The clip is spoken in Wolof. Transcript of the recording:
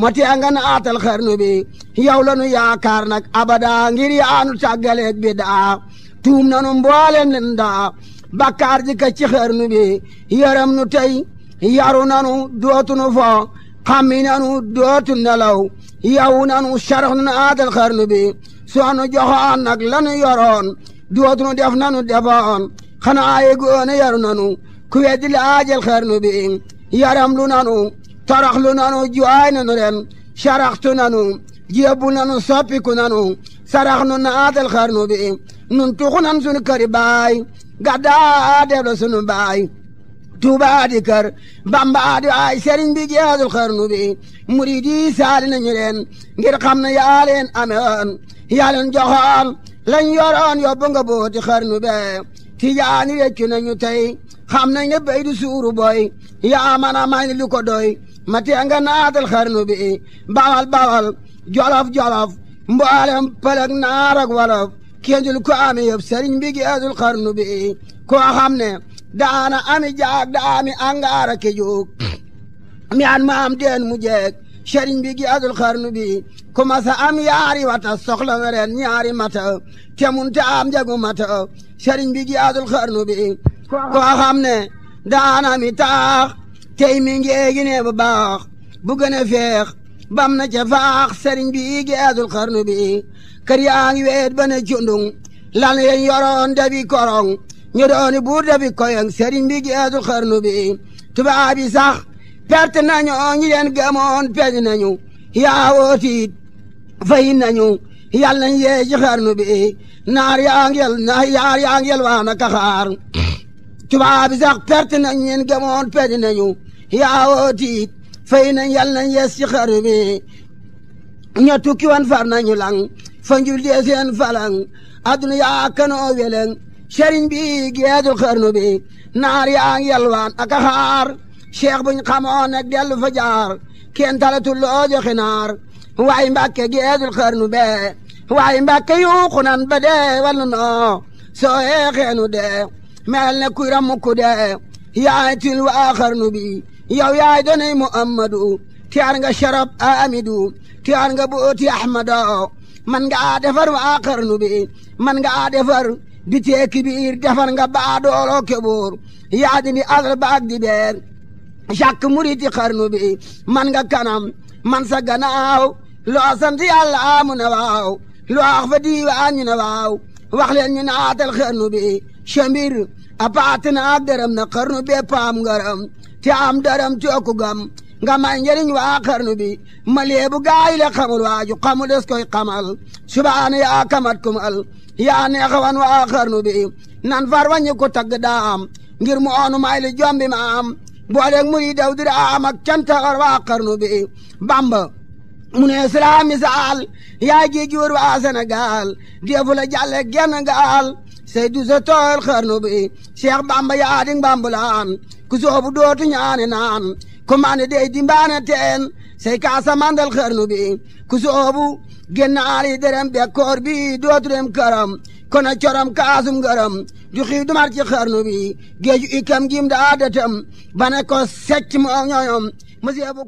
moti a nga naatal xarnu bi yow la nu yaakaar nag abada ngir yaanu tàggaleeg bi daa tuum na nu mboolem leen daa bakkaar ji ka ci xarnu bi yaram nu tey yaru na nu dootu nu fo xammi na nu dootu nelaw yow na nu sarax nu naatal xarnu bi soo nu joxoon nag la nu yoroon dootu nu def na nu defoon xanaa yegoon yaru na nu ku weddi laajal xarnu bi yaram lu na nu toroxlu nanu juwaay nanu ren saraxtu nanu jéebu nanu soppiku nanu sarax nu naatal xarnu bi nun tuxu nan sunu këri baay gaddaa dellu sunu baay Tuubaa di kër Bamba di ay sëriñ bi jeexul xarnu bi murid saali nañu leen ngir xam ne yaa leen amewoon yaa joxoon lañ yoroon yóbbu nga booti xarnu be tijaani reccu nañu tey xam nañ ne suuru boy yaa mën a may lu doy mati a nga naatal xarnu bi bawal bawal jolof jolof mboolem pëlëg naar ak wolof kenjul ko ami yëpp bi gi asul xarnu bi koo xam ne daana ami jaag da angaara ke jóg mi an ma deen mu jeeg sëriñ bi gi asul xarnu bi ku masa am yaari wata soxla weren ñaari mata te am jagu mata sëriñ bi gi asul xarnu bi koo xam ne daana mi taax tey mi ngi eegi ne bu baax bu gën a feex bam na ca faax sëriñ bi geesul xarnu bi kër yaa ngi weet ba ne cundung lan yeen yoroon dabi korong ñu dooni buur dabi koyong sëriñ bi geesul xarnu bi tubaab yi sax perte nañu ñi leen gëmoon peñ nañu yaa wootiit fayin nañu yàlla nañ yee ci xarnu bi naar yaa yel naar yaa ngi yel waana kaxaar tubaab yi sax perte nañu ñeen gëmoon peñ nañu yaawoo tiit fay nañ yal nañ yees ci xar mi ña tukki wan far nañu lang fa njul dee seen falang aduna yaa kanoo weleng sëriñ bi geedul xarnu bi naar yaa ngi yalwaan ak a xaar cheikh buñ xamoon nag dellu fa jaar kenn talatul loo joxe naar waay mbàkke geedul xarnu bee waay mbàkke yuuxu nan ba dee wala noo soo yeexeenu dee mel ne kuy ramukku dee يا ياتي الواخر آية نبي يا يا دني محمد تيارنغا شرب امدو تيارنغا بوتي احمد من غا دفر واخر نبي من غا دفر بيتي كبير دفر غا بادولو كبور يا دني اغل باك دي بير شاك مريتي خرنو بي من غا كنم من سغناو لو سنتي الله امنا واو لو اخفدي واني نواو واخلي ان نعات الخرنو نبي شمير apaatin ak dërëm na xarnu bee ngaram te am dërëm te okku gam nga may njëriñ waa xarnu bi ma leebu gaay le xamul waaju xamu des koy xamal subaana yaa kamat kumal yaa neexawan waa xarnu bi nan far wañi ko tagg daam ngir mu oonu may jombi ma am booleeg mu di daw dira am ak cantaxar waa xarnu bi bamba mu ne sira misaal yaa ji juur waa Sénégal defu la jàlle genn gaal Seydou sa tool xarnu bi Cheikh Bamba yaa di Mbambulaan ku soobu dootu ñaane naan ku mane dey di teen say kaasa mandal xarnu bi ku soobu génnaal yi dërëm bekkoor bi dootu dem këram kon a coram kaasum ngërëm du xii du mar ci xarnu bi géeju ikam gim daa dëtëm ba ko secc moo ñoyom monsieur bu